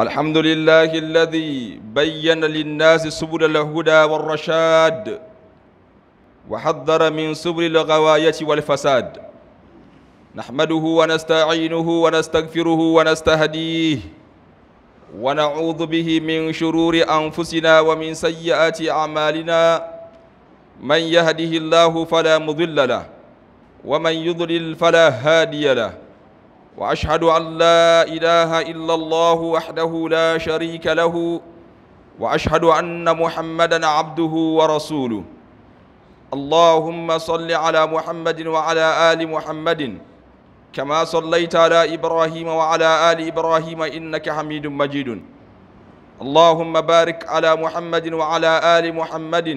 الحمد لله الذي بين للناس سبل الهدى والرشاد وحذر من سبل الغواية والفساد نحمده ونستعينه ونستغفره ونستهديه ونعوذ به من شرور أنفسنا ومن سيئات أعمالنا من يهده الله فلا مضل له ومن يضلل فلا هادي له واشهد ان لا اله الا الله وحده لا شريك له واشهد ان محمدا عبده ورسوله اللهم صل على محمد وعلى ال محمد كما صليت على ابراهيم وعلى ال ابراهيم انك حميد مجيد اللهم بارك على محمد وعلى ال محمد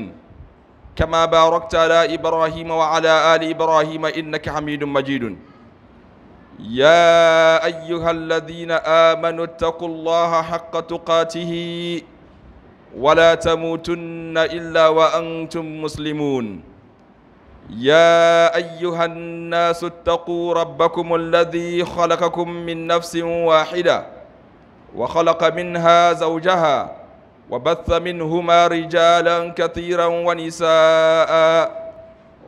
كما باركت على ابراهيم وعلى ال ابراهيم انك حميد مجيد يا ايها الذين امنوا اتقوا الله حق تقاته ولا تموتن الا وانتم مسلمون يا ايها الناس اتقوا ربكم الذي خلقكم من نفس واحده وخلق منها زوجها وبث منهما رجالا كثيرا ونساء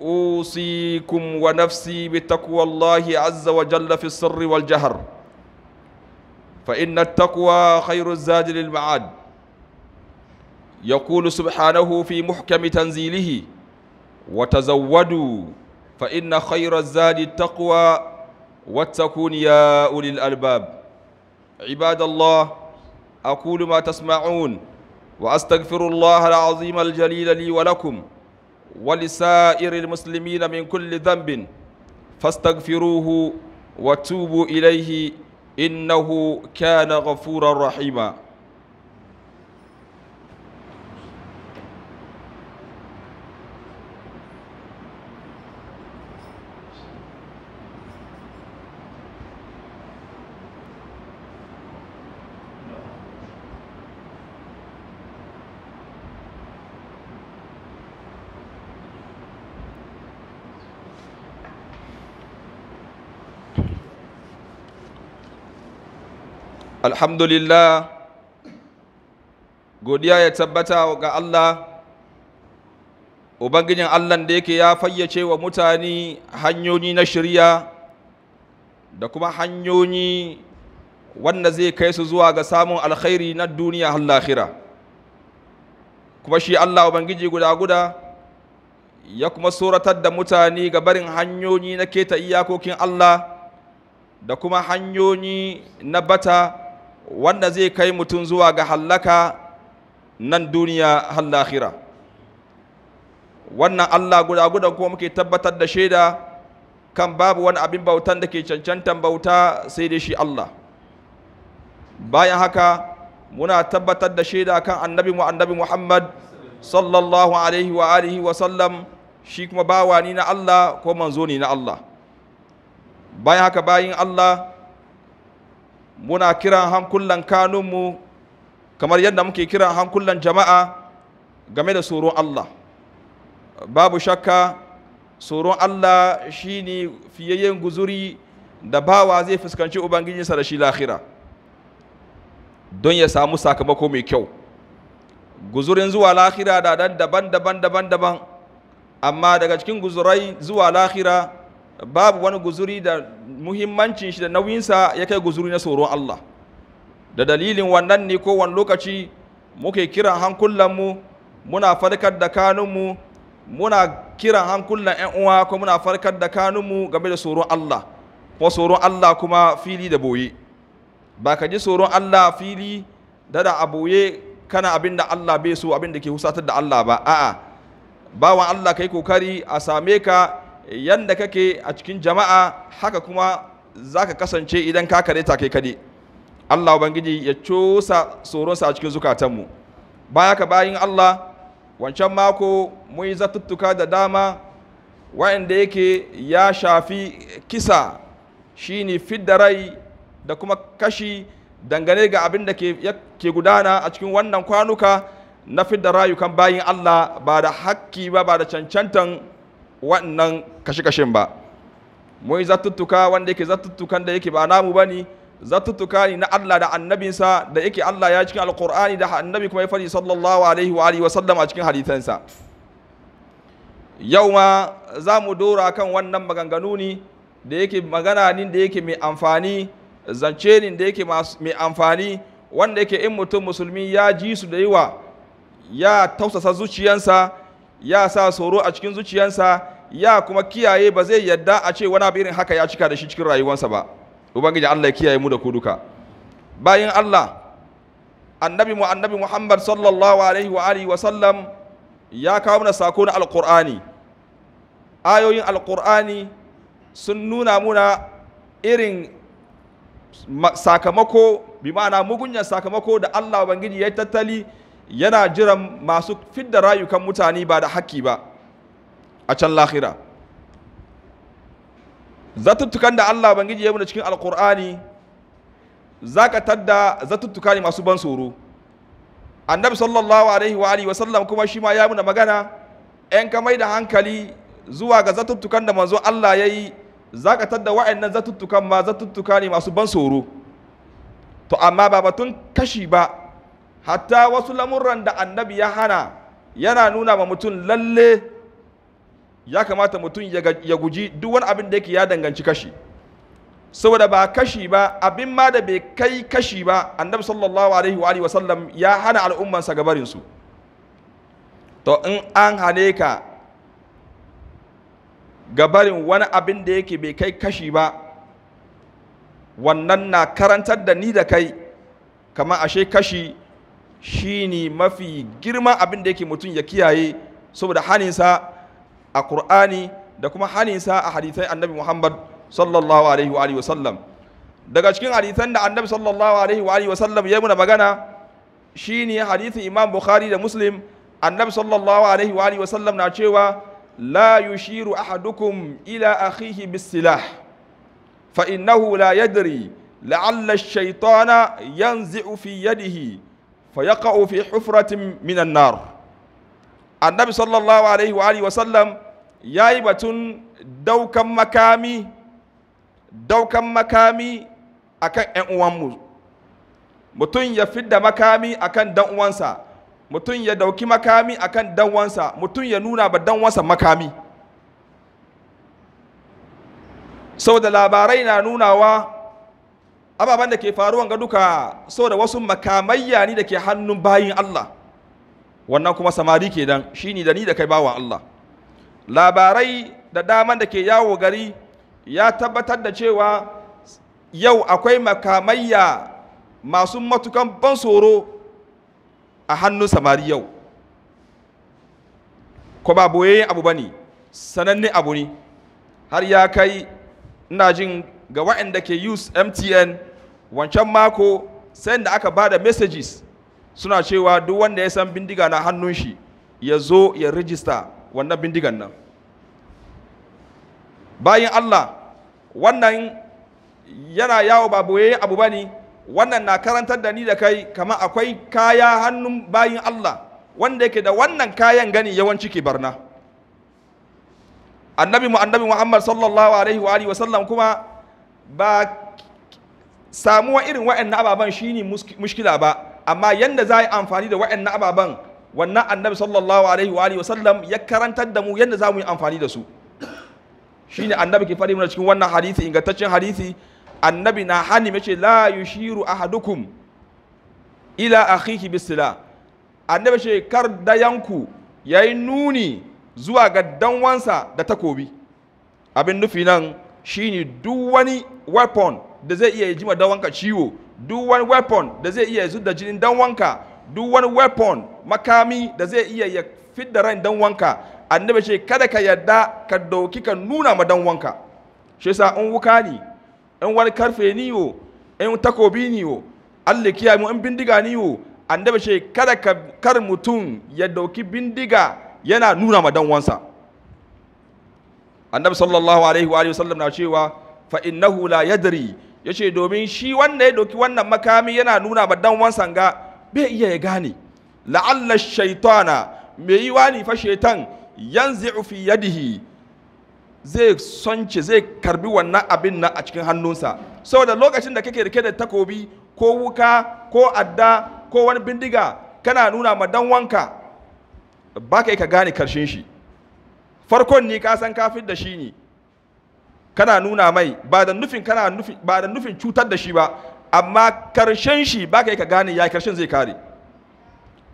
أوصيكم ونفسي بتقوى الله عز وجل في السر والجهر فإن التقوى خير الزاد للمعاد يقول سبحانه في محكم تنزيله وتزودوا فإن خير الزاد التقوى واتقون يا أولي الألباب عباد الله أقول ما تسمعون وأستغفر الله العظيم الجليل لي ولكم ولسائر المسلمين من كل ذنب فاستغفروه وتوبوا إليه إنه كان غفورا رحيما alhamdulillah godiya ya tabbata ga Allah ubangijin Allah da yake ya fayyace wa mutane hanyoyi na shirya da kuma hanyoyi wanda zai kai su zuwa ga samun alkhairi na duniya har lahira kuma shi Allah ubangiji guda guda ya kuma suratar da mutane ga barin hanyoyi na keta iyakokin Allah da kuma hanyoyi na bata wanda zai kai mutum zuwa ga hallaka nan duniya har lahira wannan Allah guda guda kuma muke tabbatar da shaida kan babu wani abin bautan da ke cancantan bauta sai dai shi Allah bayan haka muna tabbatar da shaida kan annabi mu annabi Muhammad sallallahu alaihi wa alihi wa sallam shi kuma bawa ni na Allah ko manzo ni na Allah bayan haka bayin Allah muna kiran hankulan kanunmu kamar yadda muke kiran hankulan jama'a game da tsoron Allah babu shakka tsoron Allah shi ne fiyayyen guzuri da bawa zai fuskanci ubangijinsa da shi lahira don ya samu sakamako mai kyau guzurin zuwa lahira da daban daban daban daban amma daga cikin guzurai zuwa lahira babu wani guzuri da muhimmancin shi da nauyinsa ya kai guzuri na tsoron Allah da dalilin wannan ne kowane lokaci muke kiran hankulanmu muna farkar da kanunmu muna kiran hankulan 'yan uwa ko muna farkar da kanunmu game da tsoron Allah ko tsoron Allah kuma fili da boye ba ka ji tsoron Allah fili da da aboye kana abin da Allah bai so abin da ke husatar da Allah ba a'a bawan Allah ka yi kokari a same ka yadda kake a cikin jama'a haka kuma za ka kasance idan ka kare ta kai kade Allah Ubangiji ya cusa tsoronsa a cikin zukatanmu baya ka bayin Allah wancan mako mun yi zatuttuka da dama wa'anda yake ya shafi kisa shine fidda rai da kuma kashi dangane ga abin da ke gudana a cikin wannan kwanuka na fidda rayukan bayin Allah ba da hakki ba ba da cancantan wannan kashe-kashen ba mun zatuttuka wanda yake zatuttukan da yake ba namu ba ne zatuttuka ne na Allah da annabinsa da yake Allah ya cikin alkur'ani da annabi kuma ya fadi sallallahu alaihi wa alihi wa a cikin hadithansa yau ma za mu dora kan wannan maganganu ne da yake magana ne da yake mai amfani zance ne da yake mai amfani wanda yake in mutum musulmi ya ji su da yawa ya tausasa zuciyansa ya sa tsoro a cikin zuciyansa ya kuma kiyaye ba zai yadda a ce wani abu irin haka ya cika da shi cikin rayuwarsa ba ubangiji Allah ya kiyaye mu da ku duka bayan Allah annabi mu annabi Muhammad sallallahu alaihi wa alihi wa sallam ya kawo mana sako na alqur'ani ayoyin alqur'ani sun nuna muna irin sakamako bi ma'ana mugunyar sakamako da Allah ubangiji ya tattali yana jiran masu fidda rayukan mutane ba da haƙƙi ba a can lahira zatuttukan da Allah bangiji ya muna cikin alkur'ani ka tadda zatuttuka ne masu ban tsoro annabi sallallahu alaihi wa alihi sallam kuma shi ma ya muna magana ‘yan ka mai da hankali zuwa ga zatuttukan da manzo Allah ya yi za ka tadda wa'yannan zatuttukan ma zatuttuka ne masu ban tsoro to amma ba batun kashi ba hatta wasu lamurran da annabi ya hana yana nuna ma mutum lalle ya kamata mutum ya guji duk wani abin da yake ya danganci kashi saboda ba kashi ba abin ma da bai kai kashi ba annabi sallallahu alaihi wa sallam ya hana al'ummansa gabarinsu to in an hane ka gabarin wani abin da yake bai kai kashi ba wannan na karantar da ni da kai kamar ashe kashi shine mafi girma abin da yake mutum ya kiyaye saboda haninsa a Kur'ani da kuma haninsa a hadithai annabi Muhammad sallallahu alaihi wa alihi wasallam daga cikin hadithan da annabi sallallahu alaihi wa alihi wasallam ya muna magana shine hadithin Imam Bukhari da Muslim annabi sallallahu alaihi wa alihi wasallam na cewa la yushiru ahadukum ila akhihi bisilah fa innahu la yadri la'alla ash-shaytana yanzi'u fi yadihi فيقع في حفرة من النار النبي صلى الله عليه وآله وسلم yayi batun daukan makami daukan makami akan ƴan uwanmu mutum ya fidda makami akan dan uwansa mutum ya dauki makami akan dan uwansa mutum ya nuna ba dan uwansa makami saboda labarai na nunawa ababen da ke faruwan ga duka so da wasu makamayya ni da ke hannun bayin Allah wannan kuma samari ke dan shi ni da ni da kai bawan Allah labarai da daman da ke yawo gari ya tabbatar da cewa yau akwai makamayya masu matukan ban tsoro a hannun samari yau ko ba boye abu bane sananne abu ne har ya kai ina jin ga waɗanda ke use mtn wancan mako sai da aka ba da messages suna cewa duk wanda ya san bindiga na hannun shi ya zo ya rijista wannan bindigan nan bayan Allah wannan yana yawo ba boye abu ba ne wannan na karantar da ni da kai kama akwai kaya hannun bayin Allah wanda yake da wannan kayan gani yawanci ke barna annabi mu annabi Muhammad sallallahu alaihi wa alihi wa sallam kuma ba samuwa irin waɗannan ababen shi ne mushkila ba amma yadda za a yi amfani da waɗannan ababen wannan annabi sallallahu alaihi wa sallam ya karantar da mu yadda za mu yi amfani da su Shi ne annabi ke faɗi mana cikin wannan hadisi ingantaccen hadisi annabi na hannu mace la yushiru ahadukum ila akhihi bisila annabi ce kar dayanku yayi nuni zuwa ga danwansa da takobi abin nufi nan shine duk wani weapon da zai iya jima dan wanka ciwo duk wani weapon da zai iya zuda jinin dan wanka duk wani weapon makami da zai iya ya fidda ran dan wanka annabi ce kada ka yadda ka dauki ka nuna ma dan wanka shi yasa in wuka ne in wani karfe ni yo in takobi ni yo Allah kiya mu in bindiga ni yo annabi ce kada ka kar mutum ya dauki bindiga yana nuna ma dan wansa annabi sallallahu alaihi wa sallam na cewa fa innahu la yadri ya ce domin shi wanda ya doki wannan makami yana nuna ba dan wansan ga bai iya ya gane la'alla shaitana mai yi wani fa shaitan yanzu fi yadihi zai sonce zai karbi wannan abin nan a cikin hannunsa saboda lokacin da kake rike da takobi ko wuka ko adda ko wani bindiga kana nuna ma dan wanka ba ka gane karshen shi farkon ni ka san kafin da shi ne kana nuna mai ba da nufin cutar da shi ba amma karshen shi ba ka yi ka gane ya karshen zai kare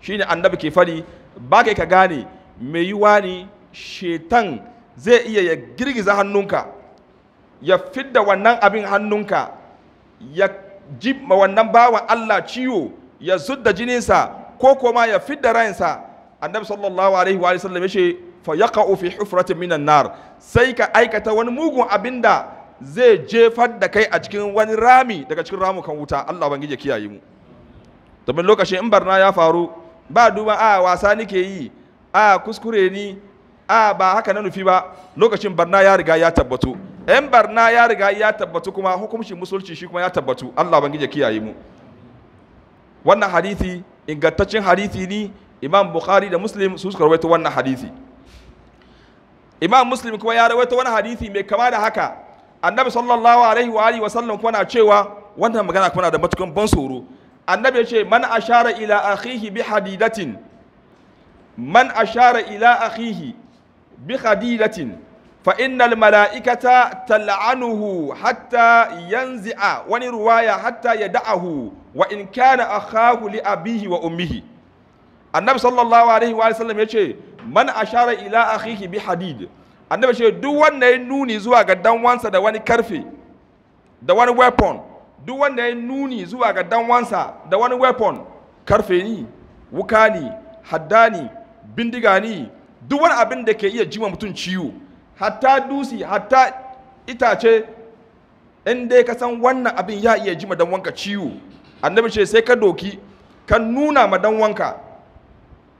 shine annabi ke fari ba ka yi ka gane mai yiwa ne shetan zai iya ya girgiza hannunka ya fidda wannan abin hannunka ya ji wannan bawan Allah ciwo ya zudda jininsa ko kuma ya fidda rayansa annabi sallallahu alaihi wa sallam ya ce fa yaqa'u fi hufratin minan nar sai ka aikata wani mugun abin da zai jefar da kai a cikin wani rami daga cikin ramukan wuta Allah bangije kiyaye mu domin lokacin in barna ya faru ba duba a wasa nike yi a kuskure ni a ba haka na nufi ba lokacin barna ya riga ya tabbatu yan barna ya riga ya tabbatu kuma hukumshi musulci shi kuma ya tabbatu Allah bangije kiyaye mu wannan hadisi ingantaccen hadisi ne Imam Bukhari da Muslim su suka rawaito wannan hadisi imam muslim kuma ya rawaito wani hadisi mai kama da haka annabi sallallahu alaihi wa alihi wa sallam kuma na cewa wannan magana kuma na da matukan ban tsoro annabi ya ce man ashara ila akhihi bi hadidatin man ashara ila akhihi bi hadidatin fa innal mala'ikata tal'anuhu hatta yanzi'a wani ruwaya hatta yada'ahu wa in kana akhahu li abihi wa ummihi annabi sallallahu alaihi wa sallam ya ce man ashara ila akhihi bi hadid annabi ce duk wanda ya nuni zuwa ga dan wansa da wani karfe da wani weapon duk wanda ya nuni zuwa ga dan wansa da wani weapon karfe ni wuka ni hadda ni bindiga ni duk wani abin da ke iya jima mutum ciwo hatta dusi hatta itace in dai ka san wannan abin ya iya jima dan wanka ciwo annabi ce sai ka doki ka nuna ma dan wanka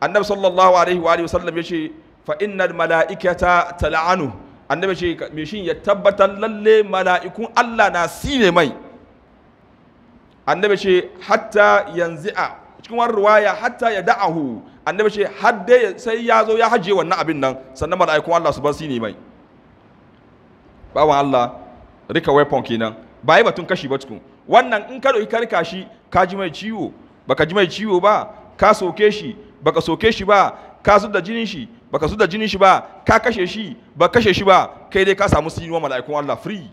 annabi sallallahu alaihi wa alihi wasallam yace fa innal malaikata tal'anu annabi shi me shin ya tabbatar lalle mala'ikun Allah na sine mai annabi shi hatta yanzi'a cikin wani ruwaya hatta ya da'ahu annabi shi har dai sai ya zo ya haje wannan abin nan sannan mala'ikun Allah su bar sine mai bawan Allah rika weapon kenan ba yi batun kashi ba tukun wannan in ka dauki karkashi ka ji mai ciwo baka ji mai ciwo ba ka soke shi baka soke shi ba ka zub da jinin shi baka zub da jinin shi ba ka kashe shi ba kashe shi ba kai dai ka samu sinuwa mala'ikun Allah free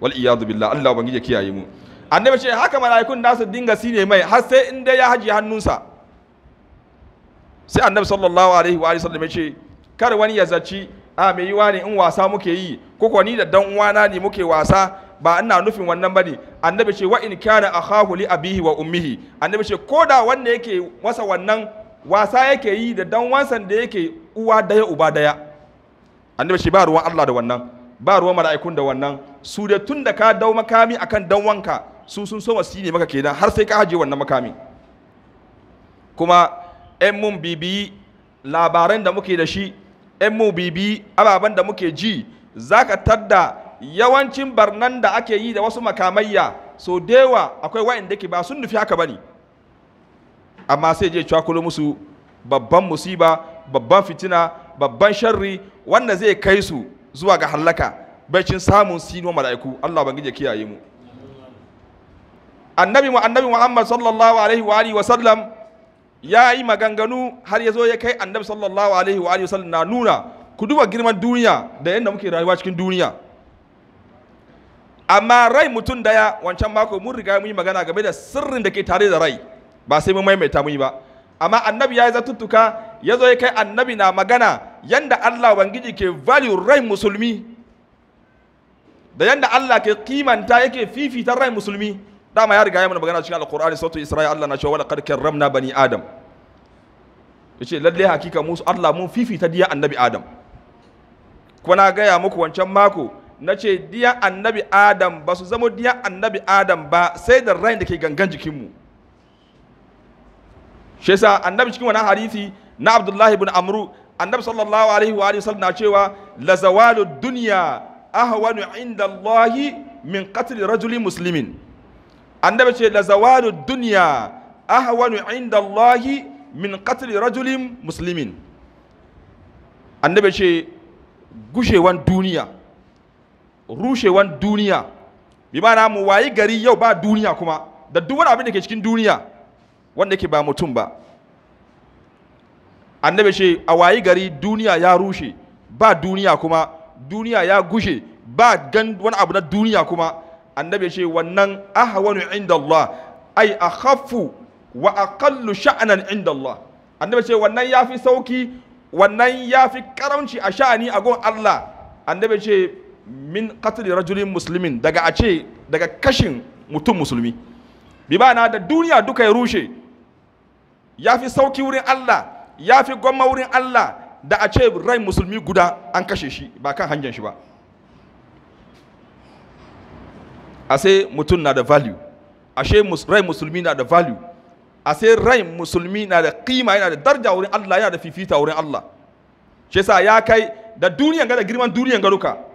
wal iyadu billah Allah ubangiji ya kiyaye mu annabi ce haka mala'ikun da su dinga sine mai har sai in dai ya haji hannunsa sai annabi sallallahu alaihi wa sallam ya ce kar wani ya zaci a mai yiwa ne in wasa muke yi ko ni da dan uwana ne muke wasa ba ina nufin wannan bane annabi ce wa in kana akhahu li abihi wa ummihi annabi ce koda wanda yake masa wannan wasa yake yi da dan wansan da yake uwa daya uba daya annabi ce ba ruwan Allah da wannan ba ruwan mala'ikun da wannan su da tun da ka dau makami akan dan wanka su sun so wasu ne maka kenan har sai ka haje wannan makami kuma ɗan mun bibiyi labaran da muke da shi ɗan mu bibiyi ababen da muke ji za ka tadda yawancin barnan da ake yi da wasu makamayya so dewa akwai wa'inda ke ba sun nufi haka bane amma sai je cakulo musu babban musiba babban fitina babban sharri wanda zai kai su zuwa ga hallaka bacin samun sinuwa mala'iku Allah gije kiyaye mu annabi mu annabi Muhammad sallallahu alaihi wa alihi wa sallam ya yi maganganu har ya zo ya kai annabi sallallahu alaihi wa alihi wa sallam na nuna ku duba girman duniya da yadda muke rayuwa cikin duniya amma rai mutum daya wancan mako mun riga mun yi magana game da sirrin da ke tare da rai ba sai mun maimaita mun yi ba amma annabi ya yi zatuttuka ya zo ya kai annabi na magana yanda Allah wangiji ke value rai musulmi da yanda Allah ke kimanta yake fifita rai musulmi dama ya riga ya mana magana cikin alqur'ani sautu isra'i Allah na cewa laqad karramna bani adam yace lalle hakika musu Allah mun fifita diya annabi adam kuma na gaya muku wancan mako na ce diya annabi adam ba su zama diya annabi adam ba sai da rai da ke gangan jikinmu shi yasa annabi cikin wannan hadisi na abdullahi ibn amru annabi sallallahu alaihi wa alihi sallam na cewa la zawalu dunya ahwanu inda allahi min qatl rajuli muslimin annabi ce la zawalu dunya ahwanu inda allahi min qatl rajulin muslimin annabi ce gushewan duniya rushewan duniya bi ma'ana mu wayi gari yau ba duniya kuma da duk wani abin da ke cikin duniya wanda yake ba mutum ba annabi ce a wayi gari duniya ya rushe ba duniya kuma duniya ya gushe ba gan wani abu na duniya kuma annabi ce wannan ahwanu inda Allah ai akhafu wa aqallu sha'nan inda Allah annabi ce wannan yafi sauki wannan yafi karamci a sha'ani a gon Allah annabi ce min qatli rajulin muslimin daga a ce daga kashin mutum musulmi bi na da duniya duka ya rushe ya fi sauki wurin Allah ya fi gwamma wurin Allah da a ce rai musulmi guda an kashe shi ba kan hanyar shi ba a sai mutum na da value a sai rai musulmi na da value a sai rai musulmi na da kima yana da darja wurin Allah yana da fifita wurin Allah shi sa ya kai da duniyan ga da girman duniyan ga duka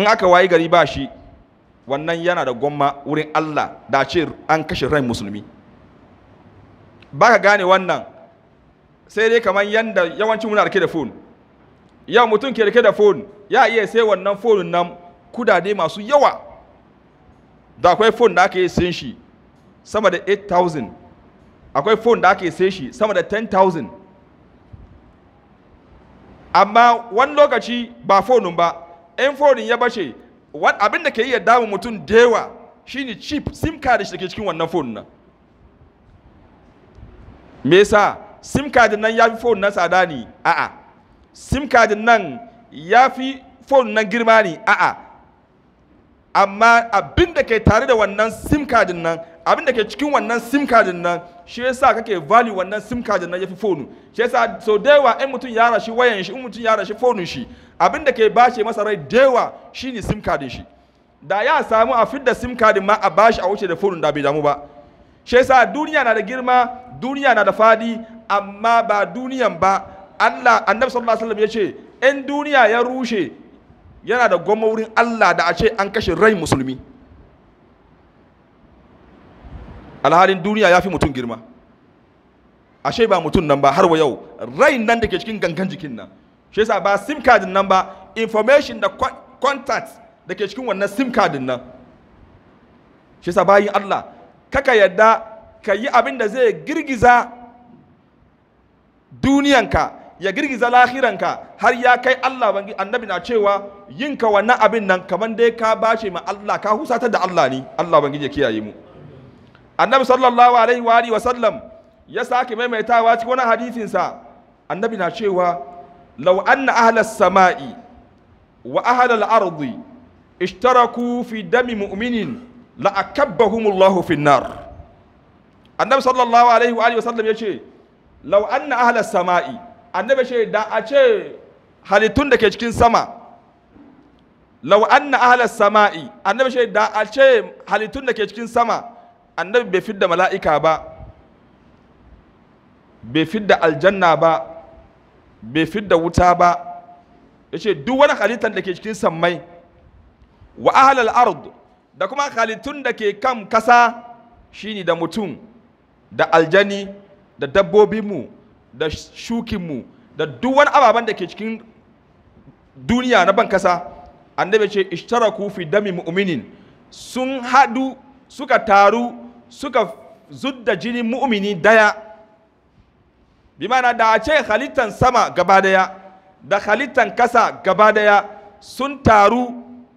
in aka wayi gari ba shi wannan yana da gwamma wurin Allah da ce an kashe rai musulmi ba ka gane wannan sai dai kamar yadda yawancin muna rike da fon yau mutum ke rike da fon ya iya sai wannan fonin nan kudade masu yawa da akwai fon da aka yi sayan shi sama da 8,000 akwai fon da aka yi sayan shi sama da 10,000 amma wani lokaci ba fonin ba Yan forin ya bashe abin da ke iya damu mutum dewa shine chip sim card shi da ke cikin wannan phone nan me yasa sim card nan ya fi phone nan tsada ne a'a sim card nan ya fi phone nan girma ne a'a amma abin da ke tare da wannan sim card nan abin da ke cikin wannan sim card nan shi yasa kake value wannan sim card nan yafi phone shi yasa so dewa in mutum ya rashi wayan shi in mutum ya rashi phone shi abin da ke bace masa rai dewa shine sim card shi da ya samu a fidda sim card ma a bashi a wuce da phone da bai damu ba shi yasa duniya na da girma duniya na da fadi amma ba duniyan ba Allah annabi sallallahu alaihi wasallam yace in duniya ya rushe yana da gwamma wurin Allah da a ce an kashe rai musulmi alhalin duniya ya fi mutum girma ashe ba mutum nan ba har wa yau rai nan da ke cikin gangan jikin nan shi yasa ba sim card nan ba information da contact da ke cikin wannan sim card nan shi yasa bayin Allah kaka yadda ka yi abin da zai girgiza duniyanka ya girgiza lahiranka har ya kai Allah bangi annabi na cewa yinka wannan abin nan kamar dai ka bace ma Allah ka husata da Allah ne Allah bangi ya kiyaye mu annabi sallallahu alaihi wa alihi wa sallam ya sake maimaitawa cikin wani hadisin sa annabi na cewa law anna ahla samai wa ahla al-ardi ishtaraku fi dami mu'minin la akabbahumullahu fi nar annabi sallallahu alaihi wa alihi wa sallam yace law anna ahla samai annabi ce da a ce halittun da ke cikin sama law anna ahla samai annabi ce da a ce halittun da ke cikin sama annabi bai fidda mala'ika ba bai fidda aljanna ba bai fidda wuta ba ya ce duk wani halittar da ke cikin sammai wa ahalal ard da kuma halittun da ke kan kasa shine da mutum da aljani da dabbobinmu da shukinmu da duk wani ababen da ke cikin duniya na ban kasa annabi ce ishtaraku fi dami mu'minin sun hadu suka taru suka zudda jinin mu'mini daya bi mana da a ce halittan sama gaba daya da halittan kasa gaba daya sun taru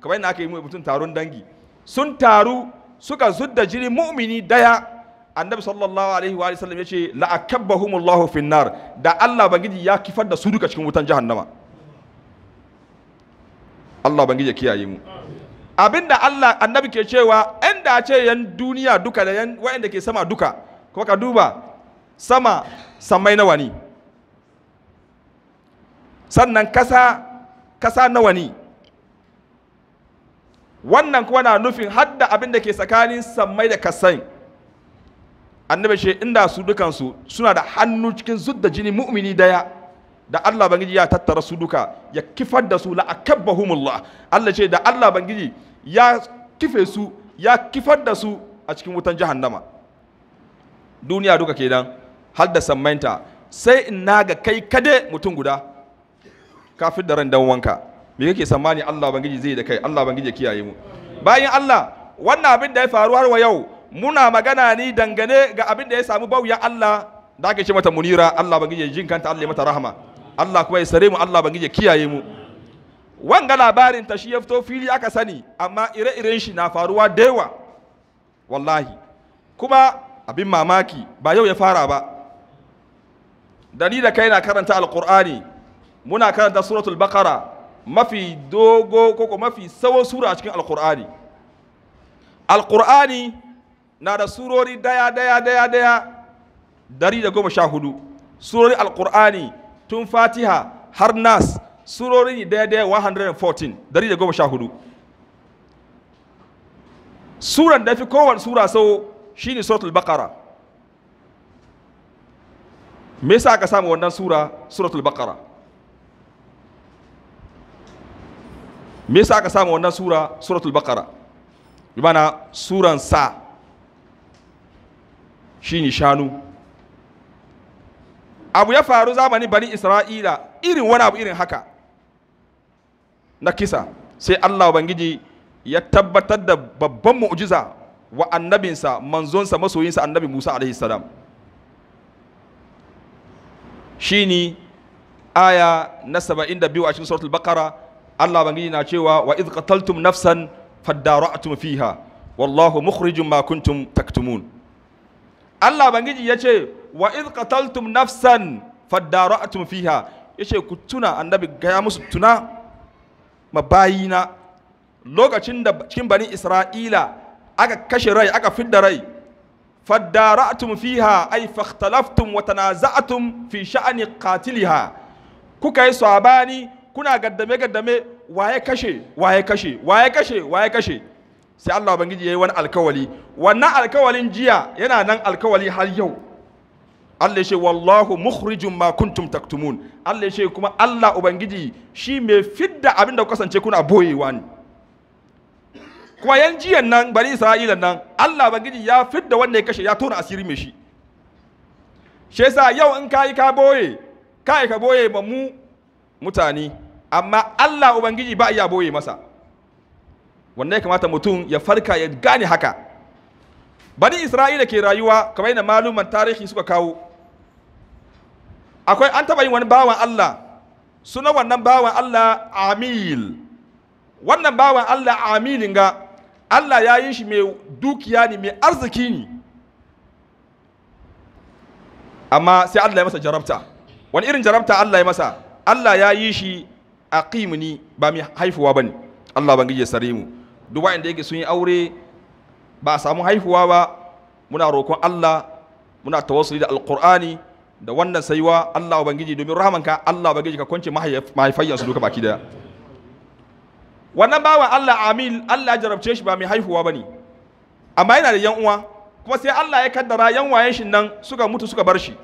kamar yadda aka yi mutum taron dangi sun taru suka zudda jinin mu'mini daya annabi sallallahu alaihi wa sallam ya ce la'akabbahumullahu finnar da Allah bangiji ya kifar da su duka cikin wutan jahannama Allah bangiji ya kiyaye mu abinda Allah annabi ke cewa yan da ce yan duniya duka da yan wa'anda ke sama duka ko ka duba sama samai nawa ne sannan kasa kasa nawa ne wannan kuwa na nufin hadda abinda ke tsakanin samai da kasai annabi ce inda su dukansu suna da hannu cikin zudda jini mu'mini daya da Allah bangiji ya tattara su duka ya kifar da su la akabbahumullah Allah ce da Allah bangiji ya kife su ya kifar da su a cikin wutan jahannama duniya duka kenan har da sammanta sai in naga kai kade mutum guda kafir da ran dan wanka me kake samani Allah bangiji zai da kai Allah bangiji ya kiyaye mu bayan Allah wannan abin da ya faru har wa yau muna magana ni dangane ga abin da ya samu bauya Allah da aka ce mata munira Allah bangiji ya kanta Allah ya mata rahama Allah kuma ya sare mu Allah bangije kiyaye mu wanga labarin ta shi ya fito fili aka sani amma ire-iren shi na faruwa da yawa wallahi kuma abin mamaki ba yau ya fara ba dani da kai na karanta alkur'ani muna karanta suratul baqara mafi dogo koko mafi tsawon sura a cikin alkur'ani alqur'ani na da surori daya daya daya daya dari da goma sha hudu surori alkur'ani tun fatiha har nas surorin daidai 114 goma sha hudu. suran da fi kowane sura sau shi ne suratul bakara me sa ka samu wannan sura suratul bakara me sa ka samu wannan sura suratul bakara bi mana suran sa shi ne shanu abu ya faru zamanin bani isra'ila irin wani abu irin haka na kisa sai allah ubangiji ya tabbatar da babban mu'jiza wa annabinsa manzonsa masoyinsa annabi musa alaihi salam shine aya na 72 a cikin suratul baqara allah ubangiji na cewa wa idh qataltum nafsan faddara'tum fiha wallahu mukhrijum ma kuntum taktumun allah ubangiji ya ce wa idh qataltum nafsan faddara'tum fiha yace ku tuna annabi gaya musu tuna bayina lokacin da cikin bani isra'ila aka kashe rai aka fidda rai faddara'tum fiha ay fakhtalaftum wa tanaza'tum fi sha'ni qatiliha kuka yi sabani kuna gaddame gaddame waye kashe waye kashe waye kashe waye kashe sai Allah ubangiji yayi wani alkawali wannan alkawalin jiya yana nan alkawali har yau Allah ya ce wallahu mukhrijum ma kuntum taktumun Allah ya kuma Allah ubangiji shi mai fidda abin da kasance kuna boyewa ne kuma yan jiyan nan bari Isra'ila nan Allah ubangiji ya fidda wanda ya kashe ya tona asiri mai shi shi yasa yau in kai ka boye kai ka boye ba mu mutane amma Allah ubangiji ba iya boye masa wanda ya kamata mutum ya farka ya gane haka bani isra'ila ke rayuwa kamar yadda maluman tarihi suka kawo akwai an taɓa yin wani bawan Allah suna wannan bawan Allah amil wannan bawan Allah amilin ga Allah ya yi shi mai dukiya ne mai arziki ne amma sai Allah ya masa jarabta wani irin jarabta Allah ya masa Allah ya yi shi a ni ba mai haifuwa ba ne. Allah ban gije sare mu duk wanda yake sun yi aure ba a samu haifuwa ba muna roƙon Allah muna tawassuli da alƙur'ani da wannan saiwa Allah ubangiji domin rahamanka Allah ubangiji ka kwance mahaifayyan su duka baki daya wannan bawan Allah amil Allah jarabce shi ba mai haihuwa ba ne amma yana da yan uwa kuma sai Allah ya kaddara yan wayen shi nan suka mutu suka bar shi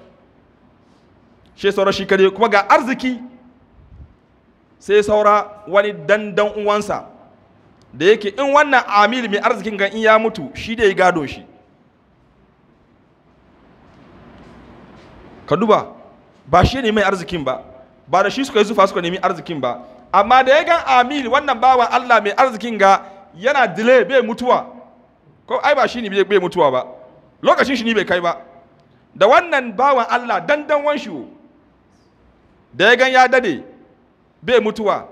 shi saura shi kare kuma ga arziki sai saura wani dandan uwansa da yake in wannan amil mai arzikin ga in ya mutu shi da ya gado shi ka duba ba shi ne mai arzikin ba ba da shi suka yi zufa suka nemi arzikin ba amma da ya gan amil wannan bawa Allah mai arzikin ga yana delay bai mutuwa ko ai ba shi ne bai mutuwa ba lokacin shi ne bai kai ba da wannan bawan Allah dandan wanshi da ya gan ya dade bai mutuwa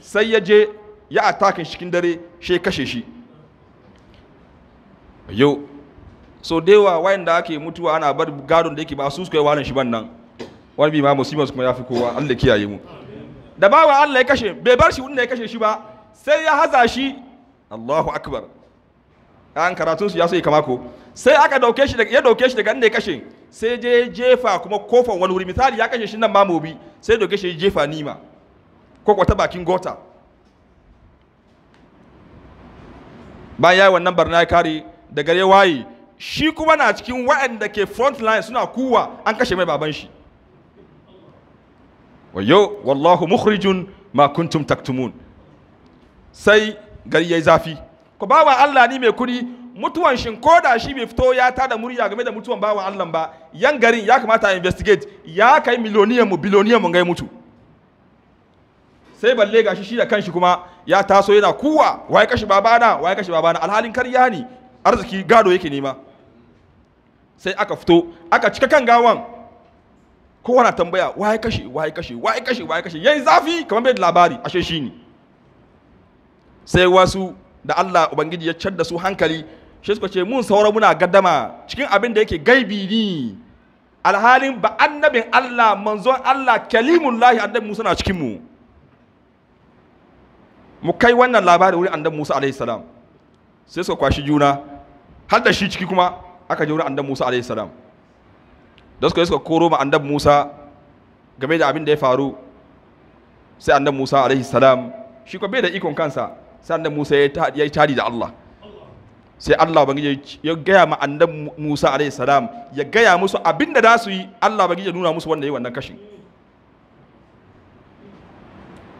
sai ya je ya a atakin cikin dare shi kashe shi yau so da yawa wayanda ake mutuwa ana bar gadon da yake ba su suka yi wani shi ban nan wani bi ma musibar kuma ya fi kowa Allah kiyaye mu da wa Allah ya kashe bai bar shi wanda ya kashe shi ba sai ya haza shi Allahu akbar an karatun su ya sai kama ko sai aka dauke shi ya dauke shi daga inda ya kashe sai je jefa kuma kofan wani wuri misali ya kashe shi nan mamobi sai dauke shi jefa nima ko kwata bakin gota bayan ya yi wannan barna ya kare da gare waye shi kuma na cikin waɗanda ke front line suna kuwa an kashe mai baban shi wayo wallahu mukhrijun ma kuntum taktumun sai gari yayi zafi ko bawa Allah ni mai kuri mutuwan shin ko da shi bai fito ya tada murya game da mutuwan bawa Allah ba yan garin ya kamata a investigate ya kai miliyoniyan mu biliyoniyan mu gai mutu sai balle gashi shi da kanshi kuma ya taso yana kuwa waye kashe babana waye kashe babana alhalin karya ne arziki gado yake nema sai aka fito aka cika kan gawan kowa na tambaya waye kashe waye kashe waye kashe waye kashe yayi zafi kamar bai da labari ashe shi ne sai wasu da Allah ubangiji ya cadda su hankali shi suka ce mun saura muna gaddama cikin abin da yake gaibi ni alhalin ba annabin Allah manzon Allah kalimullahi annabi Musa na cikin mu mu kai wannan labari wurin annabi Musa alaihi salam sai suka kwashi juna har da shi ciki kuma aka je wurin annabi Musa alayhi salam da suka suka koro ma annabi Musa game da abin da ya faru sai annabi Musa alayhi salam shi ko bai da ikon kansa sai annabi Musa ya yi tari da Allah sai Allah bangiji ya gaya ma annabi Musa alayhi salam ya gaya musu abin da za su yi Allah bangiji ya nuna musu wanda yi wannan kashin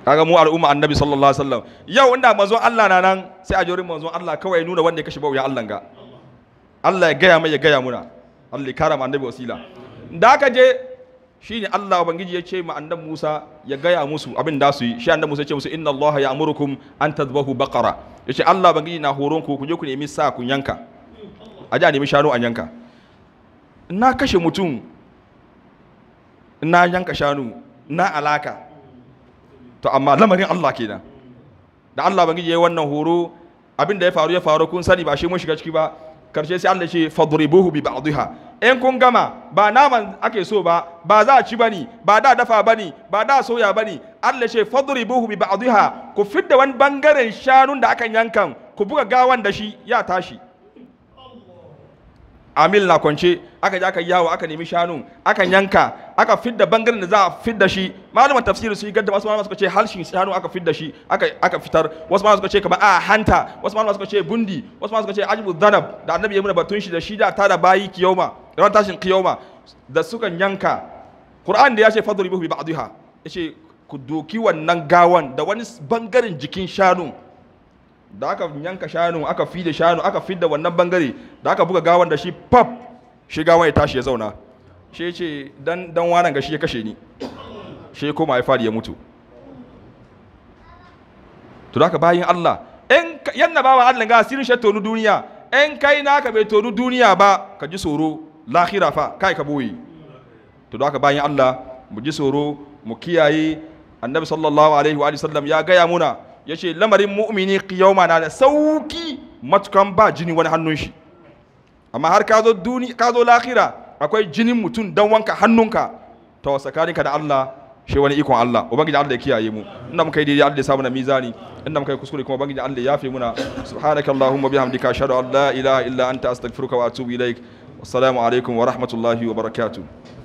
kaga mu al'umma annabi sallallahu alaihi wasallam yau inda manzon Allah na nan sai a jorin manzon Allah kawai nuna wanda ya kashe ya Allah ga Allah ya gaya mai ya gaya muna Allah ya kara mu annabi wasila da aka je shine Allah ubangiji ya ce ma Musa ya gaya musu abin da su yi shi annabi Musa ya ce musu inna Allah ya'murukum an tadhbahu baqara yace Allah ubangiji na horon ku ku je ku nemi sa kun yanka a ji a nemi shanu an yanka na kashe mutum na yanka shanu na alaka to amma lamarin Allah kenan da Allah ubangiji ya yi wannan horo abin da ya faru ya faru kun sani ba shi mun shiga ciki ba karshe sai Allah ce fadribuhu bi ba'dihha in kun gama ba naman ake so ba ba za a ci bani ba da dafa bani ba da soya bani Allah ce fadribuhu bi ba'dihha ku fidda wani bangaren shanun da akan yankan ku buga gawan da shi ya tashi Amil na kwance aka je aka yawo aka nemi shanun akan yanka aka fidda bangaren da za a fidda shi malaman tafsiri su yi gadda wasu malaman suka ce halshin hannu aka fidda shi aka aka fitar wasu malaman suka ce kamar a ah, hanta wasu malaman suka ce bundi wasu malaman suka ce ajibu zanab da annabi ya muna batun shi da shi da ta da bayi kiyoma ran tashin kiyoma da suka yanka qur'an da ya ce fadribuhu bi Ya ce ku doki wannan gawan da wani bangaren jikin shanu da aka yanka shanu aka fide shanu aka fidda wannan bangare da aka buga gawan da shi pap shi gawan ya tashi ya zauna shi ce dan dan wanan gashi ya kashe ni shi koma ya fadi ya mutu to da ka bayin Allah in yanna bawa Allah ga asirin shi tonu duniya in kai naka bai tonu duniya ba ka ji tsoro lahira fa kai ka boye to da ka bayin Allah mu ji tsoro mu kiyaye annabi sallallahu alaihi wa sallam ya gaya muna yace lamarin mu'mini qiyama na da sauki matukan ba jini wani hannun shi amma har ka zo duni ka zo lahira akwai jinin mutum dan wanka hannunka to tsakaninka da Allah shi wani ikon Allah ubangiji Allah ya kiyaye mu inda muka yi daidai Allah ya samu na mizani inda muka yi kuskure kuma ubangiji Allah ya yafe muna subhanaka allahumma bihamdika ashhadu an la ilaha illa anta astaghfiruka wa atubu ilaik assalamu alaikum wa rahmatullahi wa barakatuh